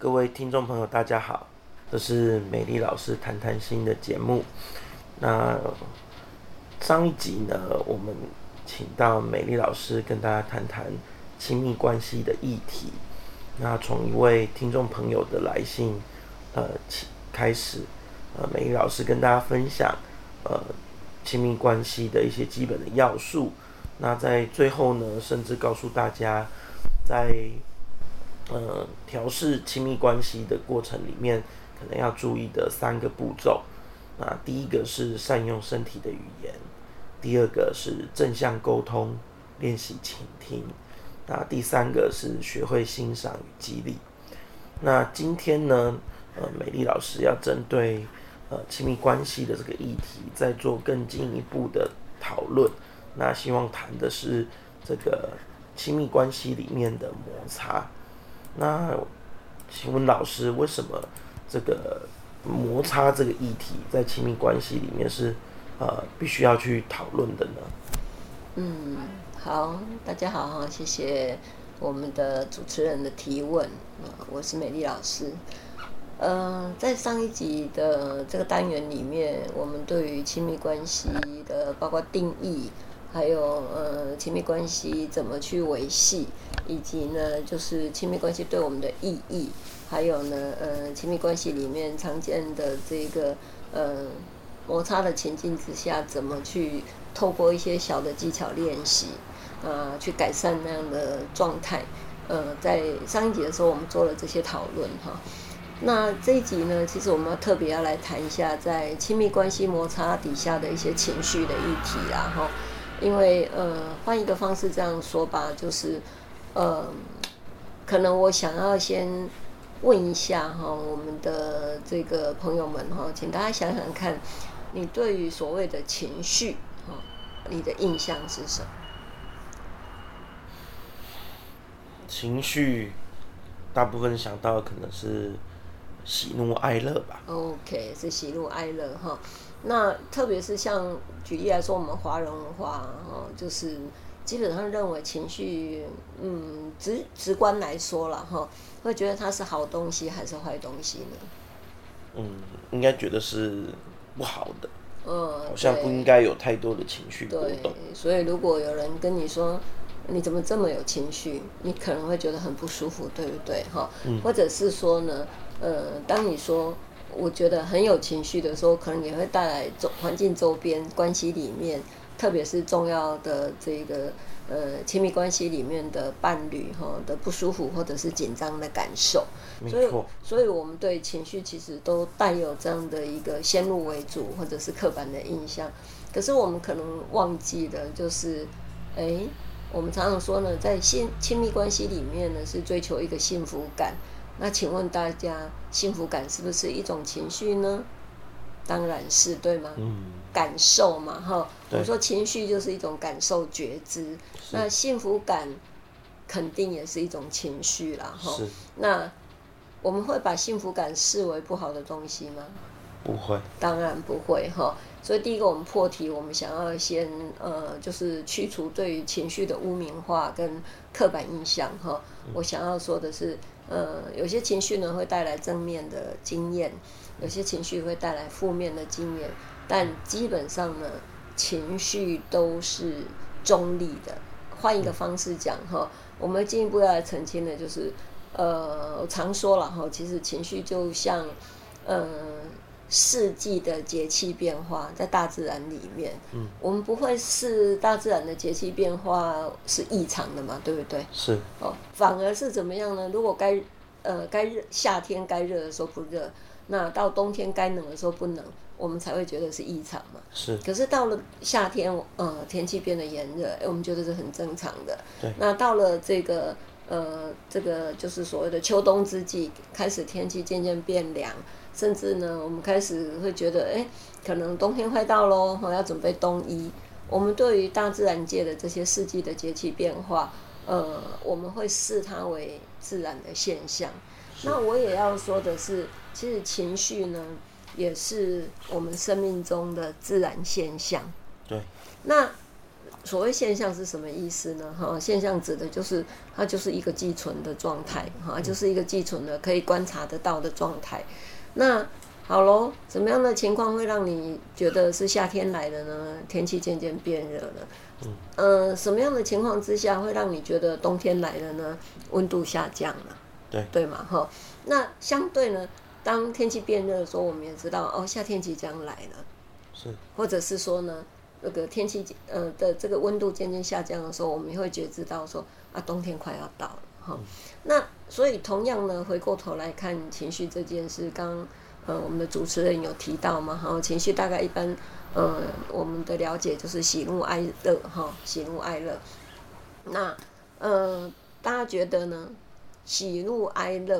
各位聽眾朋友，大家好，這是美麗老師談談心的節目。那上一集呢，我們請到美麗老師跟大家談談親密關係的議題。那從一位聽眾朋友的來信，呃，起，開始，呃，美麗老師跟大家分享，呃，親密關係的一些基本的要素。那在最後呢，甚至告訴大家，在。呃，調適親密關係的過程裡面，可能要注意的三個步驟。那第一個是善用身體的語言，第二個是正向溝通，練習傾聽。那第三個是學會欣賞與激勵。那今天呢，呃、嗯，美麗老師要針對呃親密關係的這個議題，再做更進一步的討論。那希望談的是這個親密關係裡面的摩擦。那請問老師，為什麼這個摩擦這個議題在親密關係裡面是呃必須要去討論的呢？嗯，好，大家好，謝謝我們的主持人的提問，我是美麗老師。呃，在上一集的這個單元裡面，我們對於親密關係的包括定義，還有呃親密關係怎麼去維繫。以及呢，就是親密關係對我們的意義，還有呢，呃，親密關係裡面常見的這個呃摩擦的情境之下，怎麼去透過一些小的技巧練習，啊，呃，去改善那樣的狀態。呃，在上一集的時候，我們做了這些討論哈，哦。那這一集呢，其實我們要特別要來談一下，在親密關係摩擦底下的一些情緒的議題，啊，然後，哦，因為呃，換一個方式這樣說吧，就是。嗯、呃，可能我想要先問一下哈，我們的這個朋友們哈，請大家想想看，你對於所謂的情緒，你的印象是什麼？情緒大部分想到的可能是喜怒哀樂吧。OK，是喜怒哀樂哈。那特別是像舉例來說，我們華人的話哈，就是。基本上認為情緒，嗯，直直觀來說了哈，會覺得它是好東西還是壞東西呢？嗯，應該覺得是不好的。嗯，好像不應該有太多的情緒。對，所以如果有人跟你說，你怎麼這麼有情緒，你可能會覺得很不舒服，對不對？哈，嗯，或者是說呢，呃，嗯，當你說，我覺得很有情緒的時候，可能也會帶來周環境周邊關係裡面。特別是重要的這個呃親密關係裡面的伴侶哈的不舒服或者是緊張的感受，所以，所以我們對情緒其實都帶有這樣的一個先入為主或者是刻板的印象。可是我們可能忘記的就是哎、欸，我們常常說呢，在親親密關係裡面呢是追求一個幸福感。那請問大家，幸福感是不是一種情緒呢？當然是對嗎？嗯、感受嘛，哈。對我說情緒就是一種感受覺知，是那幸福感肯定也是一種情緒啦。哈。是那我們會把幸福感視為不好的東西嗎？不會，當然不會，哈。所以第一個，我們破題，我們想要先呃，就是去除對於情緒的污名化跟刻板印象，哈。嗯、我想要說的是，呃，有些情緒呢會帶來正面的經驗。有些情緒會帶來負面的經驗，但基本上呢，情緒都是中立的。換一個方式講，哈、嗯，我們進一步要來澄清的就是，呃，我常說了，哈，其實情緒就像，呃，四季的節氣變化，在大自然裡面，嗯，我們不會視大自然的節氣變化是異常的嘛，對不對？是哦，反而是怎麼樣呢？如果該，呃，該熱夏天該熱的時候不熱。那到冬天該冷的時候不冷，我們才會覺得是異常嘛。是。可是到了夏天，呃，天氣變得炎熱，欸、我們覺得是很正常的。對那到了這個，呃，這個就是所謂的秋冬之際，開始天氣漸漸變涼，甚至呢，我們開始會覺得，哎、欸，可能冬天快到咯，我要準備冬衣。我們對於大自然界的這些四季的節氣變化，呃，我們會視它為自然的現象。那我也要說的是，其實情緒呢，也是我們生命中的自然現象。對。那所謂現象是什麼意思呢？哈，現象指的就是它就是一個寄存的狀態，哈，就是一個寄存的可以觀察得到的狀態。嗯、那好嘍，什麼樣的情況會讓你覺得是夏天來了呢？天氣漸漸變熱了。嗯。呃，什麼樣的情況之下會讓你覺得冬天來了呢？溫度下降了。對對嘛，哈，那相對呢，當天氣變熱的時候，我們也知道哦，夏天即將來了，是，或者是說呢，那、這個天氣呃的這個溫度漸漸下降的時候，我們也會覺知到說啊，冬天快要到了，哈，嗯、那所以同樣呢，回過頭來看情緒這件事，剛剛呃我們的主持人有提到嘛，哈，情緒大概一般呃我們的了解就是喜怒哀樂，哈，喜怒哀樂，那呃大家覺得呢？喜怒哀樂，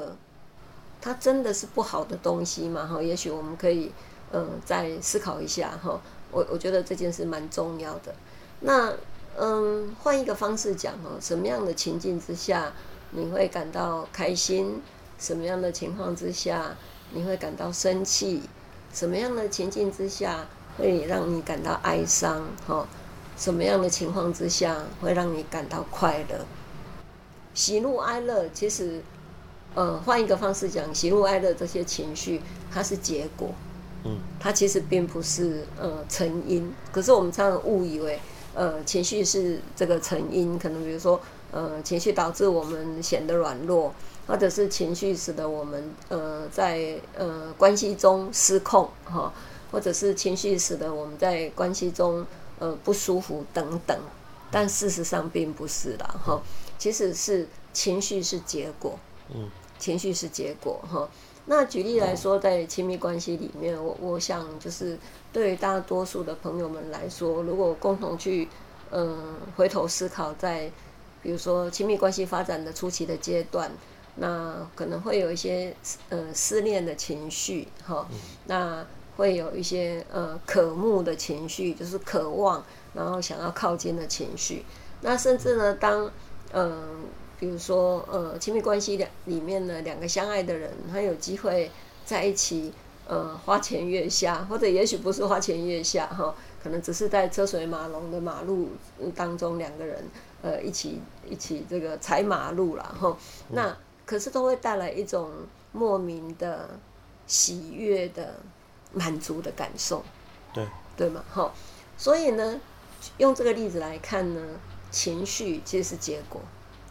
它真的是不好的東西嘛。哈，也許我們可以，嗯，再思考一下。哈，我我覺得這件事蠻重要的。那，嗯，換一個方式講，哈，什麼樣的情境之下你會感到開心？什麼樣的情況之下你會感到生氣？什麼樣的情境之下會讓你感到哀傷？哈，什麼樣的情況之下會讓你感到快樂？喜怒哀樂，其實，呃，換一個方式講，喜怒哀樂這些情緒，它是結果，嗯，它其實並不是呃成因。可是我們常常誤以為，呃，情緒是這個成因。可能比如說，呃，情緒導致我們顯得軟弱，或者是情緒使得我們呃在呃關係中失控，哈，或者是情緒使得我們在關係中呃不舒服等等。但事實上並不是啦。哈。其實是情緒是結果，嗯、情緒是結果哈。那舉例來說，在親密關係裡面，我我想就是對於大多數的朋友們來說，如果共同去嗯、呃、回頭思考在，在比如說親密關係發展的初期的階段，那可能會有一些呃思念的情緒哈，嗯、那會有一些呃渴慕的情緒，就是渴望，然後想要靠近的情緒。那甚至呢，當嗯、呃，比如說，呃，親密關係兩裡面呢，兩個相愛的人，他有機會在一起，呃，花前月下，或者也許不是花前月下哈，可能只是在車水馬龍的馬路當中，兩個人，呃，一起一起這個踩馬路啦。哈，嗯、那可是都會帶來一種莫名的喜悅的滿足的感受，對對嗎？哈，所以呢，用這個例子來看呢。情緒就是結果，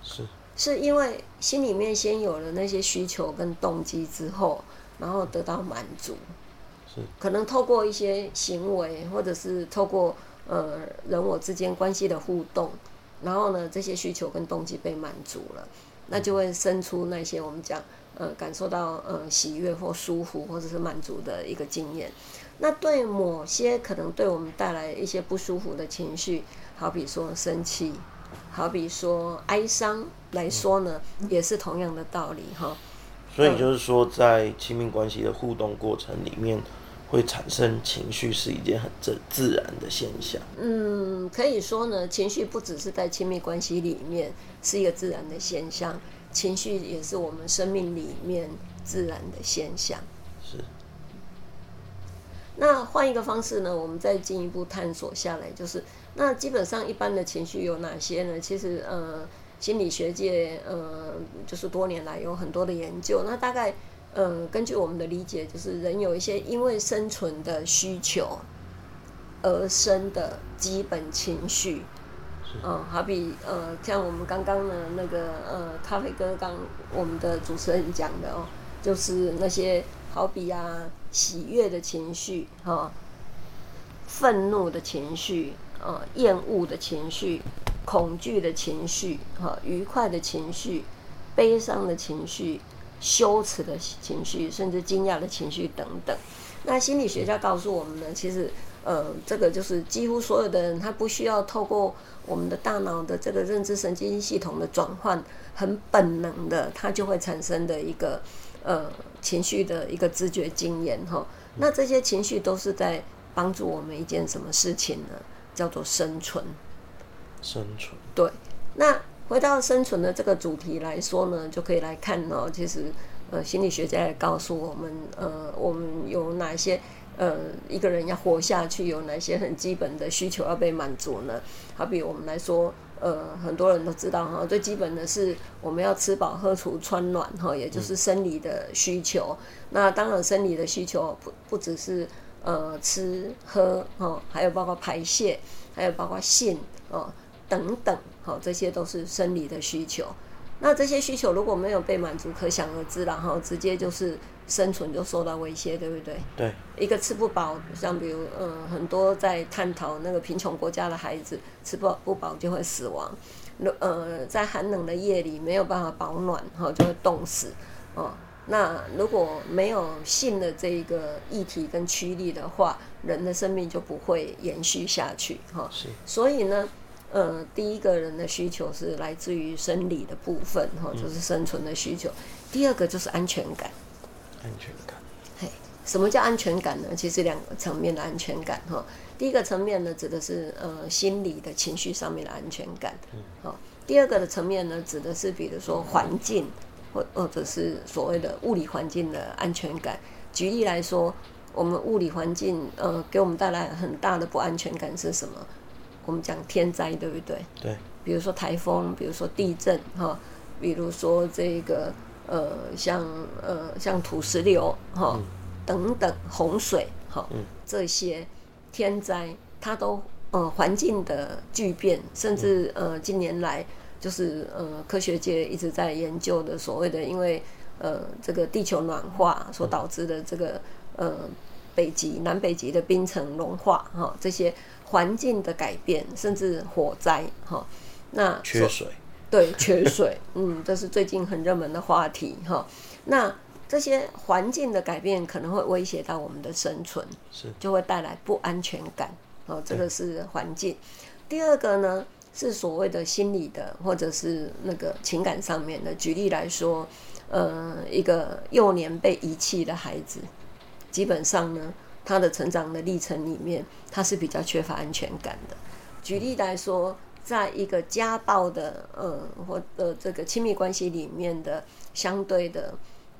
是是因為心裡面先有了那些需求跟動機之後，然後得到滿足，嗯、是可能透過一些行為，或者是透過呃人我之間關係的互動，然後呢這些需求跟動機被滿足了，那就會生出那些我們講呃感受到呃喜悅或舒服或者是滿足的一個經驗。那對某些可能對我們帶來一些不舒服的情緒。好比說生氣，好比說哀傷來說呢，嗯、也是同樣的道理哈。所以就是說，在親密關係的互動過程裡面，會產生情緒是一件很正自然的現象。嗯，可以說呢，情緒不只是在親密關係裡面是一個自然的現象，情緒也是我們生命裡面自然的現象。是。那換一個方式呢，我們再進一步探索下來，就是。那基本上一般的情緒有哪些呢？其實，呃，心理學界，呃，就是多年來有很多的研究。那大概，呃，根據我們的理解，就是人有一些因為生存的需求而生的基本情緒。嗯、呃，好比，呃，像我們剛剛的那個，呃，咖啡哥剛我們的主持人講的哦，就是那些好比啊，喜悅的情緒，哈、哦，憤怒的情緒。呃，厭惡的情緒、恐懼的情緒、哈，愉快的情緒、悲傷的情緒、羞恥的情緒，甚至驚訝的情緒等等。那心理學家告訴我們呢，其實，呃，這個就是幾乎所有的人，他不需要透過我們的大腦的這個認知神經系統的轉換，很本能的，他就會產生的一個呃情緒的一個知覺經驗哈。那這些情緒都是在幫助我們一件什麼事情呢？叫做生存，生存對。那回到生存的這個主題來說呢，就可以來看哦。其實，呃，心理學家也告訴我們，呃，我們有哪些呃，一個人要活下去，有哪些很基本的需求要被滿足呢？好比我們來說，呃，很多人都知道哈，最基本的是我們要吃飽、喝足、穿暖哈，也就是生理的需求。嗯。那當然，生理的需求不不只是。呃，吃喝哦，還有包括排泄，還有包括性哦等等，好、哦，這些都是生理的需求。那這些需求如果沒有被滿足，可想而知啦，然、哦、後直接就是生存就受到威脅，對不對？對，一個吃不飽，像比如嗯、呃，很多在探討那個貧窮國家的孩子吃不不飽就會死亡，呃，在寒冷的夜裡沒有辦法保暖，哈、哦，就會凍死，哦。那如果沒有性的這一個議題跟驅力的話，人的生命就不會延續下去，哈。是所以呢，呃，第一個人的需求是來自於生理的部分，哈，就是生存的需求。嗯、第二個就是安全感。安全感。嘿，什麼叫安全感呢？其實兩個層面的安全感，哈。第一個層面呢，指的是呃心理的情緒上面的安全感，好。嗯、第二個的層面呢，指的是比如說環境。嗯或者是所謂的物理環境的安全感。舉例來說，我們物理環境呃給我們帶來很大的不安全感是什麼？我們講天災，對不對？對。比如說台風，比如說地震，哈，比如說這個呃，像呃，像土石流，哈，嗯、等等，洪水，哈，嗯、這些天災，它都呃環境的巨變，甚至呃近年來。就是呃，科學界一直在研究的所謂的，因為呃，這個地球暖化所導致的這個呃，北極、南北極的冰層融化哈，這些環境的改變，甚至火災哈，那缺水對缺水，缺水 嗯，這是最近很熱門的話題哈。那這些環境的改變可能會威脅到我們的生存，是就會帶來不安全感哦。這個是環境。對第二個呢？是所謂的心理的，或者是那個情感上面的。舉例來說，呃，一個幼年被遺棄的孩子，基本上呢，他的成長的歷程裡面，他是比較缺乏安全感的。舉例來說，在一個家暴的，呃，或呃，這個親密關係裡面的相對的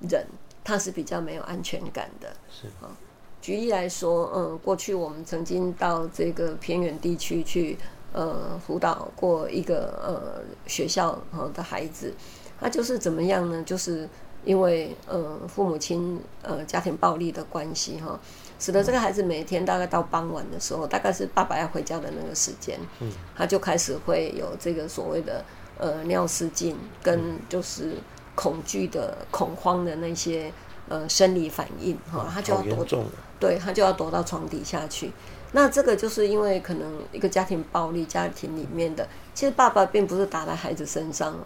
人，他是比較沒有安全感的。是啊。舉例來說，嗯、呃，過去我們曾經到這個偏遠地區去。呃，輔導過一個呃學校的孩子，他就是怎麼樣呢？就是因為呃父母親呃家庭暴力的關係哈，使得這個孩子每天大概到傍晚的時候，大概是爸爸要回家的那個時間，他就開始會有這個所謂的呃尿失禁跟就是恐懼的恐慌的那些呃生理反應哈，他就要躲，啊、對，他就要躲到床底下去。那這個就是因為可能一個家庭暴力家庭裡面的，其實爸爸並不是打在孩子身上哦，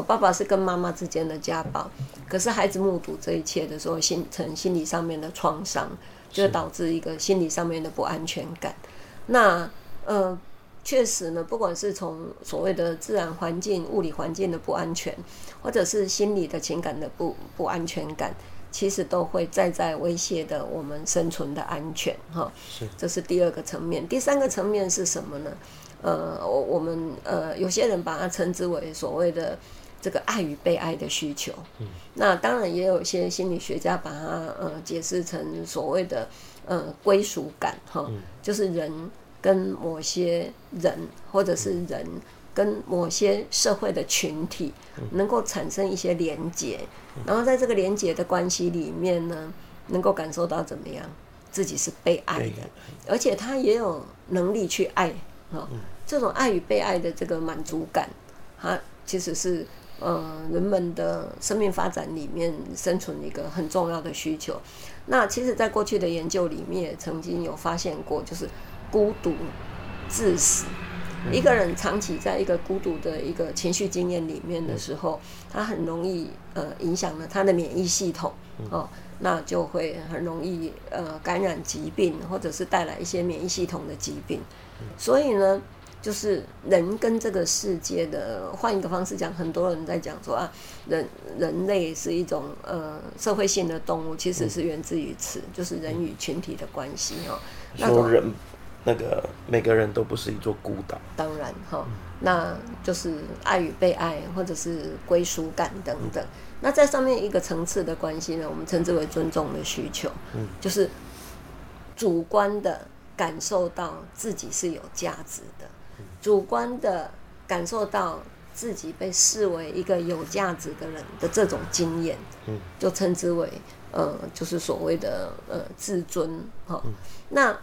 嗯、爸爸是跟媽媽之間的家暴，可是孩子目睹這一切的時候，形成心理上面的創傷，就會導致一個心理上面的不安全感。是那呃，確實呢，不管是從所謂的自然環境、物理環境的不安全，或者是心理的情感的不不安全感。其實都會再，在，在威脅的我們生存的安全，哈，是，這是第二個層面。第三個層面是什麼呢？呃，我，我們呃，有些人把它稱之為所謂的這個愛與被愛的需求。嗯，那當然也有些心理學家把它呃解釋成所謂的呃歸屬感，哈，嗯，就是人跟某些人或者是人。跟某些社會的群體能夠產生一些連結，嗯、然後在這個連結的關係裡面呢，能夠感受到怎麼樣自己是被愛的，而且他也有能力去愛、哦。這種愛與被愛的這個滿足感，它其實是呃人們的生命發展裡面生存一個很重要的需求。那其實，在過去的研究裡面，也曾經有發現過，就是孤獨致死。自一個人長期在一個孤獨的一個情緒經驗裡面的時候，嗯、他很容易呃影響了他的免疫系統、嗯、哦，那就會很容易呃感染疾病，或者是帶來一些免疫系統的疾病。嗯、所以呢，就是人跟這個世界的，換一個方式講，很多人在講說啊，人人類是一種呃社會性的動物，其實是源自於此，嗯、就是人與群體的關係、嗯、哦，那種人。那個每個人都不是一座孤島，當然哈，哦嗯、那就是愛與被愛，或者是歸屬感等等。嗯、那在上面一個層次的關係呢，我們稱之為尊重的需求，嗯、就是主觀的感受到自己是有價值的，嗯、主觀的感受到自己被視為一個有價值的人的這種經驗，嗯、就稱之為呃，就是所謂的呃自尊哈，哦嗯、那。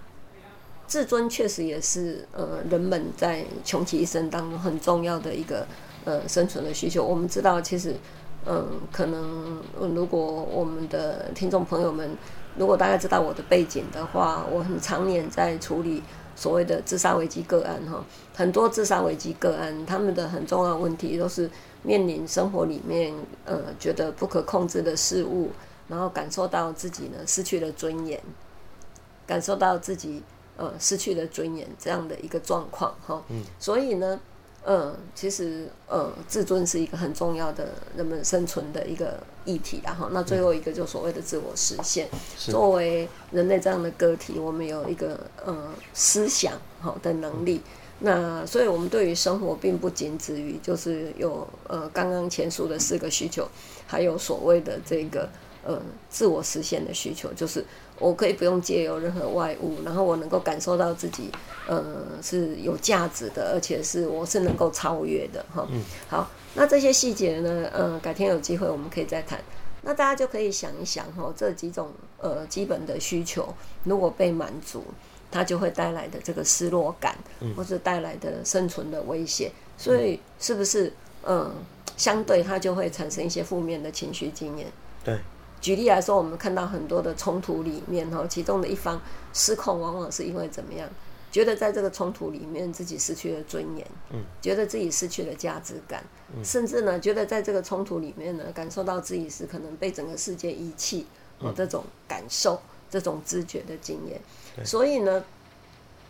自尊確實也是呃，人們在窮其一生當中很重要的一個呃生存的需求。我們知道，其實嗯、呃，可能如果我們的聽眾朋友們如果大概知道我的背景的話，我很常年在處理所謂的自殺危機個案哈。很多自殺危機個案，他們的很重要的問題都是面臨生活裡面呃覺得不可控制的事物，然後感受到自己呢失去了尊嚴，感受到自己。呃，失去了尊嚴這樣的一個狀況，哈，嗯、所以呢，呃，其實呃，自尊是一個很重要的人們生存的一個議題，然後，哈。那最後一個就所謂的自我實現，嗯啊、作為人類這樣的個體，我們有一個呃思想好的能力，嗯、那所以我們對於生活並不僅止於就是有呃剛剛前述的四個需求，還有所謂的這個呃自我實現的需求，就是。我可以不用借由任何外物，然後我能夠感受到自己，呃，是有價值的，而且是我是能夠超越的，哈。嗯、好，那這些細節呢，嗯、呃，改天有機會我們可以再談。那大家就可以想一想，哈，這幾種呃基本的需求如果被滿足，它就會帶來的這個失落感，或是帶來的生存的威脅，所以是不是，嗯、呃，相對它就會產生一些負面的情緒經驗？對。舉例來說，我們看到很多的衝突裡面，哈，其中的一方失控，往往是因為怎麼樣？覺得在這個衝突裡面自己失去了尊嚴，嗯，覺得自己失去了價值感，嗯、甚至呢，覺得在這個衝突裡面呢，感受到自己是可能被整個世界遺棄，哦，這種感受，嗯、這種知覺的經驗，嗯、所以呢，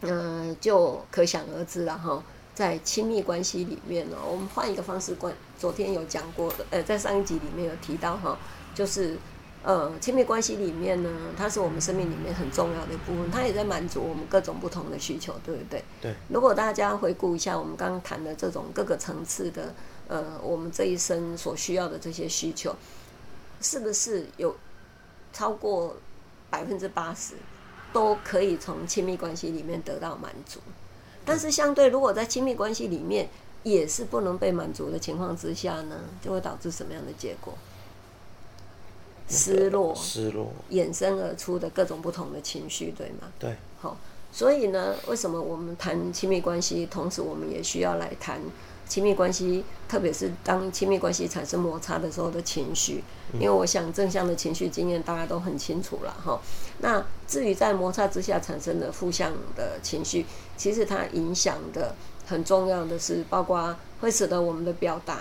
嗯、呃，就可想而知了哈。在親密關係裡面呢，我們換一個方式觀，昨天有講過的，呃，在上一集裡面有提到哈，就是。呃、嗯，親密關係裡面呢，它是我們生命裡面很重要的一部分，它也在滿足我們各種不同的需求，對不對？對。如果大家回顧一下我們剛剛談的這種各個層次的，呃，我們這一生所需要的這些需求，是不是有超過百分之八十都可以從親密關係裡面得到滿足？但是，相對如果在親密關係裡面也是不能被滿足的情況之下呢，就會導致什麼樣的結果？失落，失落，衍生而出的各種不同的情緒，對嗎？對，好、哦，所以呢，為什麼我們談親密關係，同時我們也需要來談親密關係，特別是當親密關係產生摩擦的時候的情緒？因為我想正向的情緒經驗大家都很清楚了，哈、嗯哦。那至於在摩擦之下產生的負向的情緒，其實它影響的很重要的是，包括會使得我們的表達。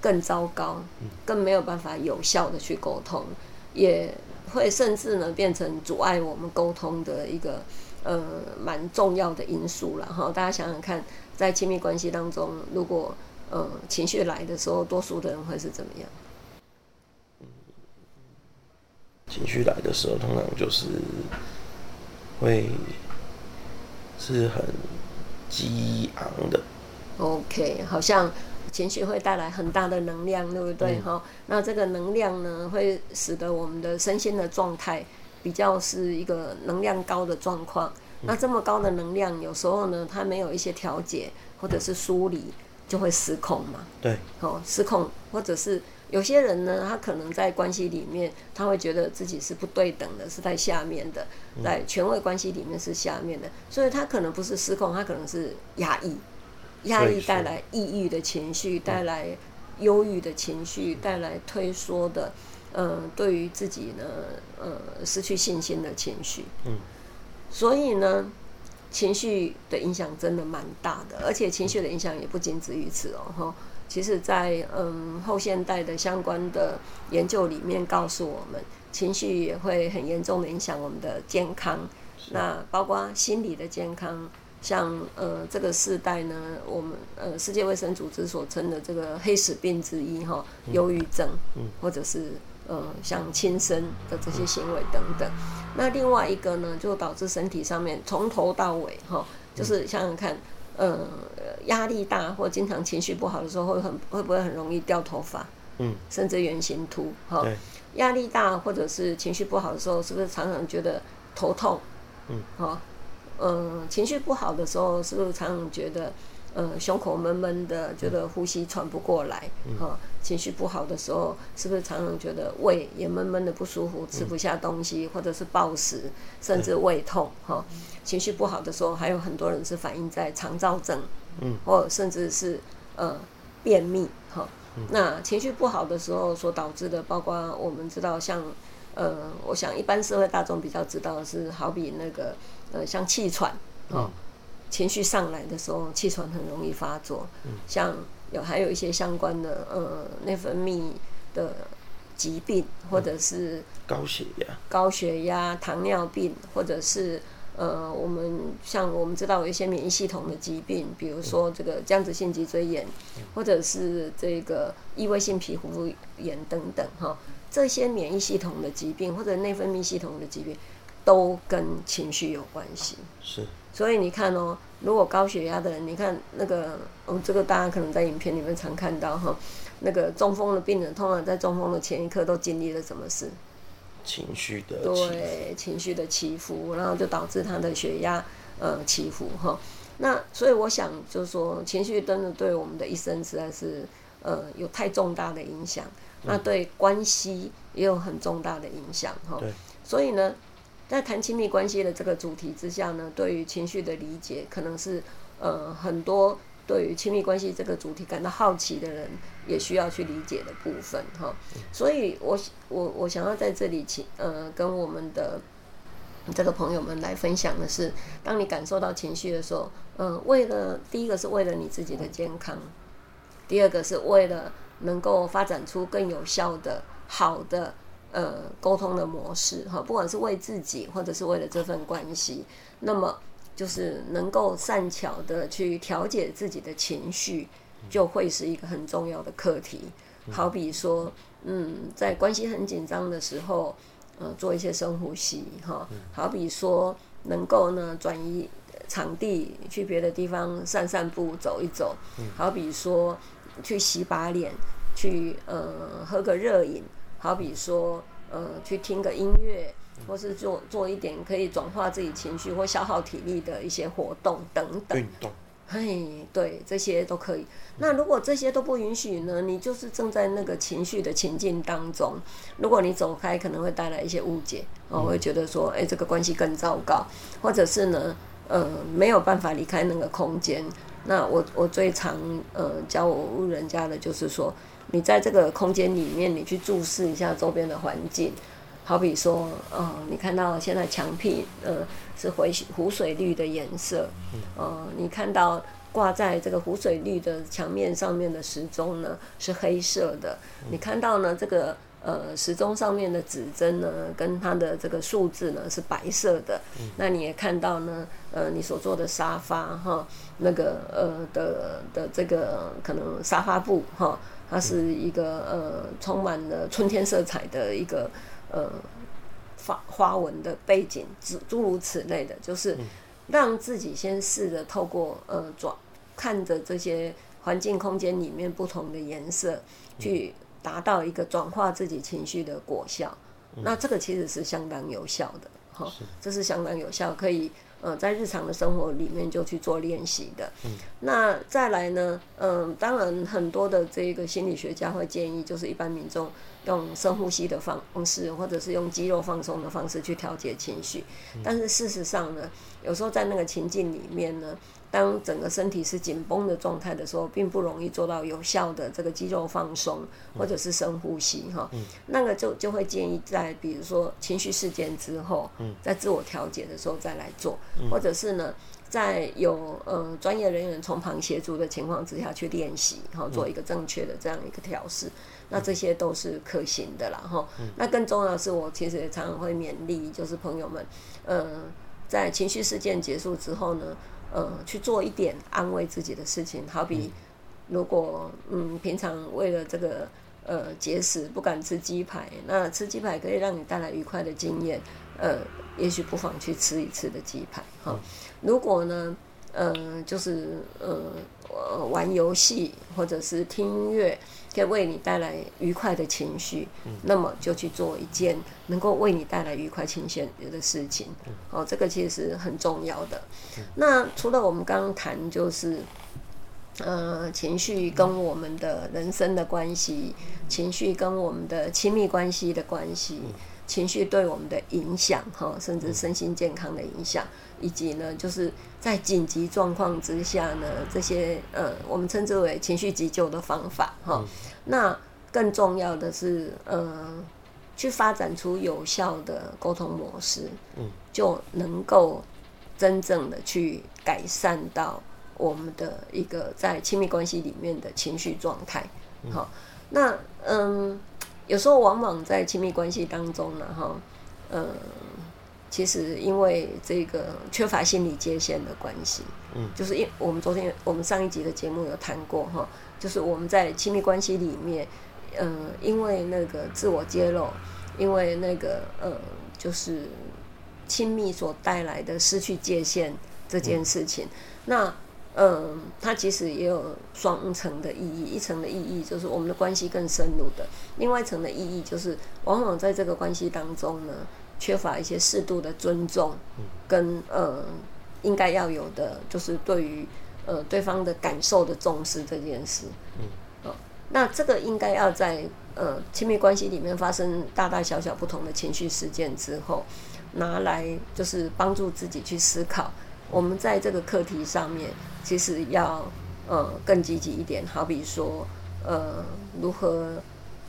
更糟糕，更沒有辦法有效的去溝通，嗯、也會甚至呢變成阻礙我們溝通的一個嗯蠻、呃、重要的因素了哈。大家想想看，在親密關係當中，如果嗯、呃、情緒來的時候，多數的人會是怎麼樣？情緒來的時候，通常就是會是很激昂的。OK，好像。情緒會帶來很大的能量，對不對？哈、嗯，那這個能量呢，會使得我們的身心的狀態比較是一個能量高的狀況。嗯、那這麼高的能量，有時候呢，它沒有一些調節或者是梳理，嗯、就會失控嘛。對，失控，或者是有些人呢，他可能在關係裡面，他會覺得自己是不對等的，是在下面的，在權位關係裡面是下面的，嗯、所以他可能不是失控，他可能是壓抑。壓抑帶來抑鬱的情緒，帶來憂鬱的情緒，帶、嗯、來退縮的，嗯，對於自己呢，呃、嗯，失去信心的情緒。嗯。所以呢，情緒的影響真的蠻大的，而且情緒的影響也不僅止於此哦、喔，吼，其實在，在嗯後現代的相關的研究裡面告訴我們，情緒也會很嚴重的影響我們的健康，是那包括心理的健康。像呃這個世代呢，我們呃世界衛生組織所稱的這個“黑死病”之一哈，憂鬱症，或者是呃像輕生的這些行為等等。那另外一個呢，就導致身體上面從頭到尾哈，就是想想看，呃壓力大或經常情緒不好的時候，會很會不會很容易掉頭髮？嗯，甚至圓形禿哈。對，壓力大或者是情緒不好的時候，是不是常常覺得頭痛？嗯，哈。嗯，情緒不好的時候，是不是常常覺得，呃胸口悶悶的，覺得呼吸喘不過來，哈、嗯哦？情緒不好的時候，是不是常常覺得胃也悶悶的不舒服，嗯、吃不下東西，或者是暴食，甚至胃痛，哈、哦？嗯、情緒不好的時候，還有很多人是反映在腸燥症，嗯，或甚至是呃便秘，哈、哦。嗯、那情緒不好的時候所導致的，包括我們知道像，像呃，我想一般社會大眾比較知道的是好比那個。呃，像氣喘，嗯、哦，情緒上來的時候，氣喘很容易發作。嗯，像有還有一些相關的呃內分泌的疾病，或者是高血壓、嗯、高血壓、糖尿病，或者是呃我們像我們知道有一些免疫系統的疾病，嗯、比如說這個僵直性脊椎炎，嗯、或者是這個異位性皮膚炎等等哈。這些免疫系統的疾病或者內分泌系統的疾病。都跟情緒有關係，是，所以你看哦，如果高血壓的人，你看那個，哦，這個大家可能在影片裡面常看到哈，那個中風的病人，通常在中風的前一刻都經歷了什麼事？情緒的起伏，對情緒的起伏，然後就導致他的血壓呃起伏哈。那所以我想就是說，情緒真的對我們的一生實在是呃有太重大的影響，嗯、那對關係也有很重大的影響哈。對所以呢。在談親密關係的這個主題之下呢，對於情緒的理解，可能是呃很多對於親密關係這個主題感到好奇的人也需要去理解的部分哈。所以我，我我我想要在這裡請呃跟我們的這個朋友們來分享的是，當你感受到情緒的時候，嗯、呃，為了第一個是為了你自己的健康，第二個是為了能夠發展出更有效的好的。呃，溝通的模式哈，不管是為自己，或者是為了這份關係，那麼就是能夠善巧的去調節自己的情緒，就會是一個很重要的課題。嗯、好比說，嗯，在關係很緊張的時候，呃，做一些深呼吸哈。嗯、好比說能，能夠呢轉移場地，去別的地方散散步、走一走。嗯、好比說，去洗把臉，去呃喝個熱飲。好比說，呃，去聽個音樂，或是做做一點可以轉化自己情緒或消耗體力的一些活動等等。嘿，對，這些都可以。那如果這些都不允許呢？你就是正在那個情緒的情境當中。如果你走開，可能會帶來一些誤解我，呃嗯、會覺得說，哎，欸，這個關係更糟糕，或者是呢，呃，沒有辦法離開那個空間。那我我最常呃教我人家的就是說。你在這個空間裡面，你去注視一下周邊的環境，好比說，呃，你看到現在牆壁，呃，是回湖水綠的顏色，嗯、呃，你看到掛在這個湖水綠的牆面上面的時鐘呢是黑色的，嗯、你看到呢這個呃時鐘上面的指針呢跟它的這個數字呢是白色的，嗯、那你也看到呢，呃，你所坐的沙發哈，那個呃的的這個可能沙發布哈。它是一個、嗯、呃，充滿了春天色彩的一個呃花花紋的背景，諸如此類的，就是讓自己先試着透過呃轉看着這些環境空間裡面不同的顏色，嗯、去達到一個轉化自己情緒的果效。嗯、那這個其實是相當有效的，哈的，這是相當有效，可以。呃，在日常的生活裡面就去做練習的，嗯、那再來呢，嗯、呃，當然很多的這個心理學家會建議，就是一般民眾用深呼吸的方式，或者是用肌肉放鬆的方式去調節情緒，嗯、但是事實上呢，有時候在那個情境裡面呢，當整個身體是緊繃的狀態的時候，並不容易做到有效的這個肌肉放鬆、嗯、或者是深呼吸哈，嗯、那個就就會建議在比如說情緒事件之後，在自我調節的時候再來做，嗯、或者是呢，在有呃專業人員從旁協助的情況之下去練習，哈，嗯、做一個正確的這樣一個調試，嗯、那這些都是可行的啦。哈、嗯。那更重要的是，我其實也常常會勉勵就是朋友們，嗯、呃，在情緒事件結束之後呢。呃，去做一點安慰自己的事情，好比，如果嗯平常為了這個呃節食不敢吃雞排，那吃雞排可以讓你帶來愉快的經驗，呃，也許不妨去吃一吃的雞排哈。如果呢，呃，就是呃呃玩遊戲或者是聽音樂。可以為你帶來愉快的情緒，嗯、那麼就去做一件能夠為你帶來愉快情緒的事情。嗯、哦，這個其實很重要的。嗯、那除了我們剛剛談，就是呃，情緒跟我們的人生的關係，嗯、情緒跟我們的親密關係的關係。嗯嗯情緒對我們的影響，哈，甚至身心健康的影響，嗯、以及呢，就是在緊急狀況之下呢，這些呃，我們稱之為情緒急救的方法，哈。嗯、那更重要的是，呃，去發展出有效的溝通模式，嗯，就能夠真正的去改善到我們的一個在親密關係裡面的情緒狀態，好，那嗯。那嗯有時候往往在親密關係當中呢，哈，嗯，其實因為這個缺乏心理界限的關係，嗯，就是因我們昨天我們上一集的節目有談過哈，就是我們在親密關係裡面，嗯，因為那個自我揭露，因為那個嗯，就是親密所帶來的失去界限這件事情，嗯、那。嗯、呃，它其實也有雙層的意義，一層的意義就是我們的關係更深入的，另外一層的意義就是往往在這個關係當中呢，缺乏一些適度的尊重跟，跟呃應該要有的就是對於呃對方的感受的重視這件事。嗯、呃，那這個應該要在呃親密關係裡面發生大大小小不同的情緒事件之後，拿來就是幫助自己去思考。我們在這個課題上面，其實要呃更積極一點。好比說，呃，如何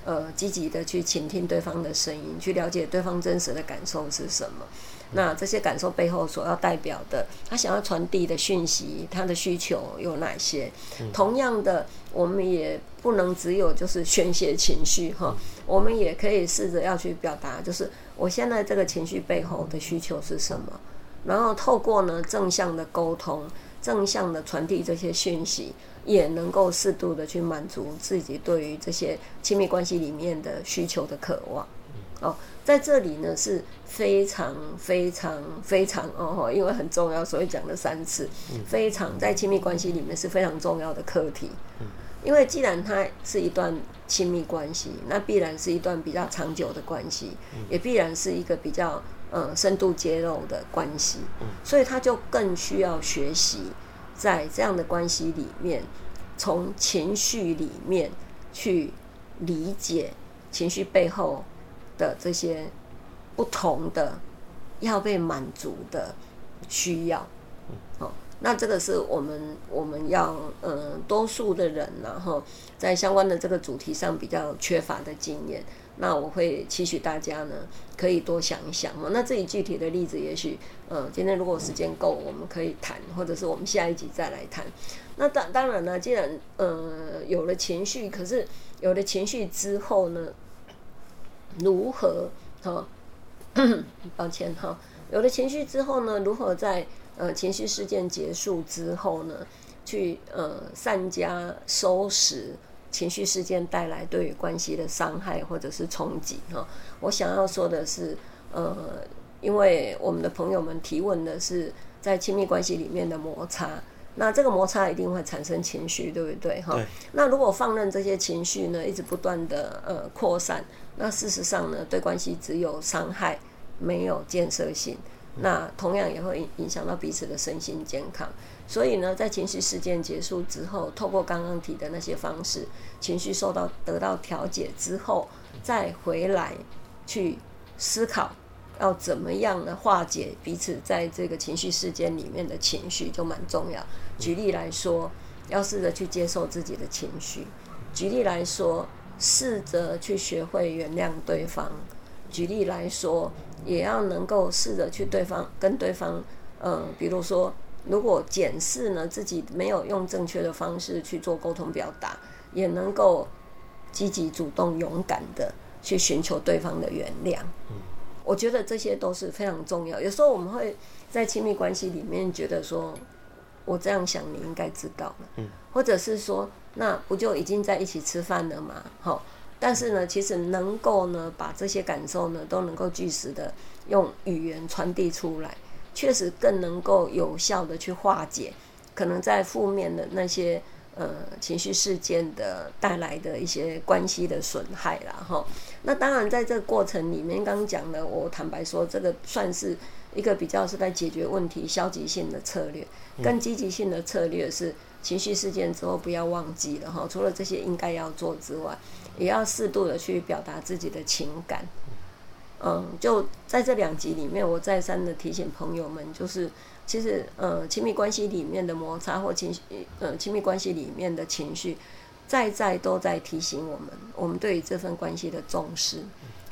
呃積極的去傾聽對方的聲音，去了解對方真實的感受是什麼？那這些感受背後所要代表的，他想要傳遞的訊息，他的需求有哪些？同樣的，我們也不能只有就是宣洩情緒哈，我們也可以試着要去表達，就是我現在這個情緒背後的需求是什麼。然後透過呢正向的溝通，正向的傳遞這些訊息，也能夠適度的去滿足自己對於這些親密關係裡面的需求的渴望。嗯、哦，在這裡呢是非常非常非常哦，因為很重要，所以講了三次，嗯、非常在親密關係裡面是非常重要的課題。嗯、因為既然它是一段親密關係，那必然是一段比較長久的關係，嗯、也必然是一個比較。嗯，深度揭露的關係，所以他就更需要學習，在這樣的關係裡面，從情緒裡面去理解情緒背後的這些不同的要被滿足的需要。好，哦，那這個是我們我們要嗯，多數的人啊，然後在相關的這個主題上比較缺乏的經驗。那我會期許大家呢，可以多想一想嘛。那這裡具體的例子，也許，嗯、呃，今天如果時間夠，我們可以談，或者是我們下一集再來談。那當當然了，既然呃有了情緒，可是有了情緒之後呢，如何哈、哦？ 抱歉哈、哦，有了情緒之後呢，如何在呃情緒事件結束之後呢，去呃善加收拾？情緒事件帶來對於關係的傷害或者是衝擊哈，我想要說的是，呃，因為我們的朋友們提問的是在親密關係裡面的摩擦，那這個摩擦一定會產生情緒，對不對哈？對。那如果放任這些情緒呢，一直不斷的呃擴散，那事實上呢，對關係只有傷害，沒有建設性，那同樣也會影響到彼此的身心健康。所以呢，在情緒事件結束之後，透過剛剛提的那些方式，情緒受到得到調節之後，再回來去思考要怎麼樣的化解彼此在這個情緒事件裡面的情緒就蠻重要。舉例來說，要試着去接受自己的情緒；舉例來說，試着去學會原諒對方；舉例來說，也要能夠試着去對方跟對方，嗯，比如說。如果檢視呢，自己沒有用正確的方式去做溝通表達，也能夠積極主動、勇敢的去尋求對方的原諒。嗯，我覺得這些都是非常重要。有時候我們會在親密關係裡面覺得說，我這樣想你應該知道了，嗯，或者是說，那不就已經在一起吃飯了嗎？好，但是呢，其實能夠呢，把這些感受呢，都能夠及時的用語言傳遞出來。確實更能夠有效的去化解，可能在負面的那些呃情緒事件的帶來的一些關係的損害啦哈。那當然在這個過程裡面，剛剛講的，我坦白說，這個算是一個比較是在解決問題消極性的策略。更積極性的策略是，情緒事件之後不要忘記了哈，除了這些應該要做之外，也要適度的去表達自己的情感。嗯，就在這兩集裡面，我再三的提醒朋友們，就是其實，呃、嗯，親密關係裡面的摩擦或情緒，呃、嗯，親密關係裡面的情緒，再再都在提醒我們，我們對於這份關係的重視，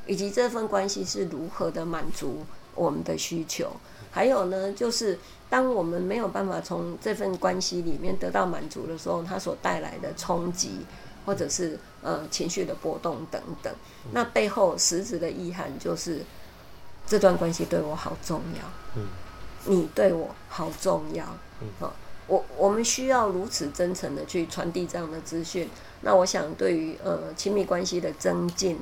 以及這份關係是如何的滿足我們的需求。還有呢，就是當我們沒有辦法從這份關係裡面得到滿足的時候，它所帶來的衝擊。或者是呃情緒的波動等等，那背後實質的意涵，就是這段關係對我好重要，嗯，你對我好重要，嗯，好，我我們需要如此真誠的去傳遞這樣的資訊。那我想對於呃親密關係的增進、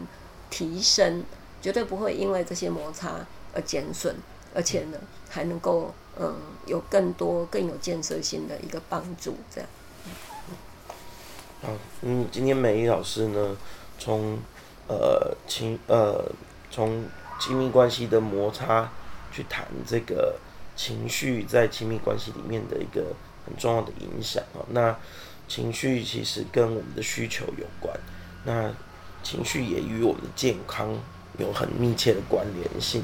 提升，絕對不會因為這些摩擦而減損，而且呢還能夠嗯、呃、有更多更有建設性的一個幫助，這樣。嗯，今天美麗老師呢，從呃情呃從親密關係的摩擦去談這個情緒在親密關係裡面的一個很重要的影響啊、喔。那情緒其實跟我們的需求有關，那情緒也與我們的健康有很密切的關聯性。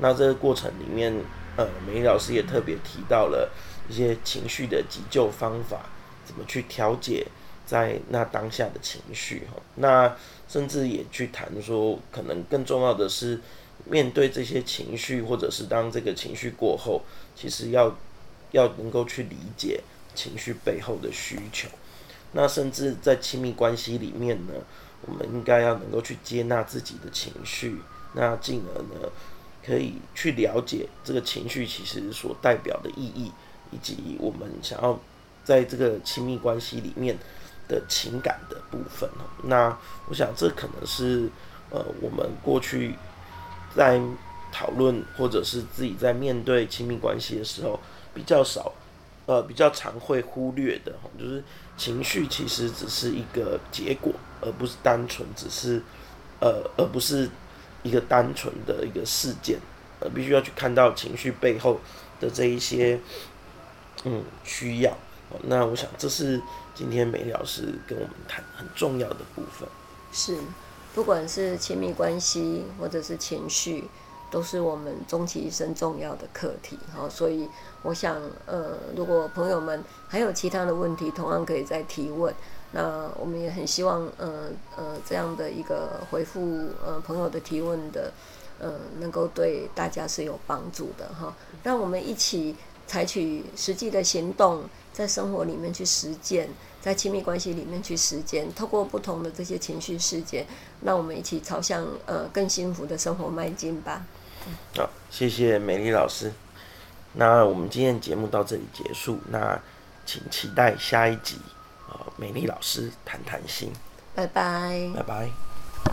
那這個過程裡面，呃，美麗老師也特別提到了一些情緒的急救方法，怎麼去調節在那當下的情緒，哈，那甚至也去談說，可能更重要的是，面對這些情緒，或者是當這個情緒過後，其實要要能夠去理解情緒背後的需求，那甚至在親密關係裡面呢，我們應該要能夠去接納自己的情緒，那進而呢，可以去了解這個情緒其實所代表的意義，以及我們想要在這個親密關係裡面。的情感的部分，那我想這可能是呃，我們過去在討論或者是自己在面對親密關係的時候比較少，呃，比較常會忽略的，就是情緒其實只是一個結果，而不是單純只是呃，而不是一個單純的一個事件，呃，必須要去看到情緒背後的這一些嗯需要。那我想，這是今天美麗老師跟我們談很重要的部分。是，不管是親密關係或者是情緒，都是我們終其一生重要的課題。哈、哦，所以我想，呃，如果朋友們還有其他的問題，同樣可以再提問。那我們也很希望，呃呃，這樣的一個回復，呃，朋友的提問的，呃，能夠對大家是有幫助的哈、哦。讓我們一起。採取實際的行動，在生活裡面去實踐，在親密關係裡面去實踐，透過不同的這些情緒事件，讓我們一起朝向呃更幸福的生活邁進吧。好、哦，謝謝美麗老師。那我們今天節目到這裡結束，那請期待下一集、呃、美麗老師談談心。拜拜，拜拜。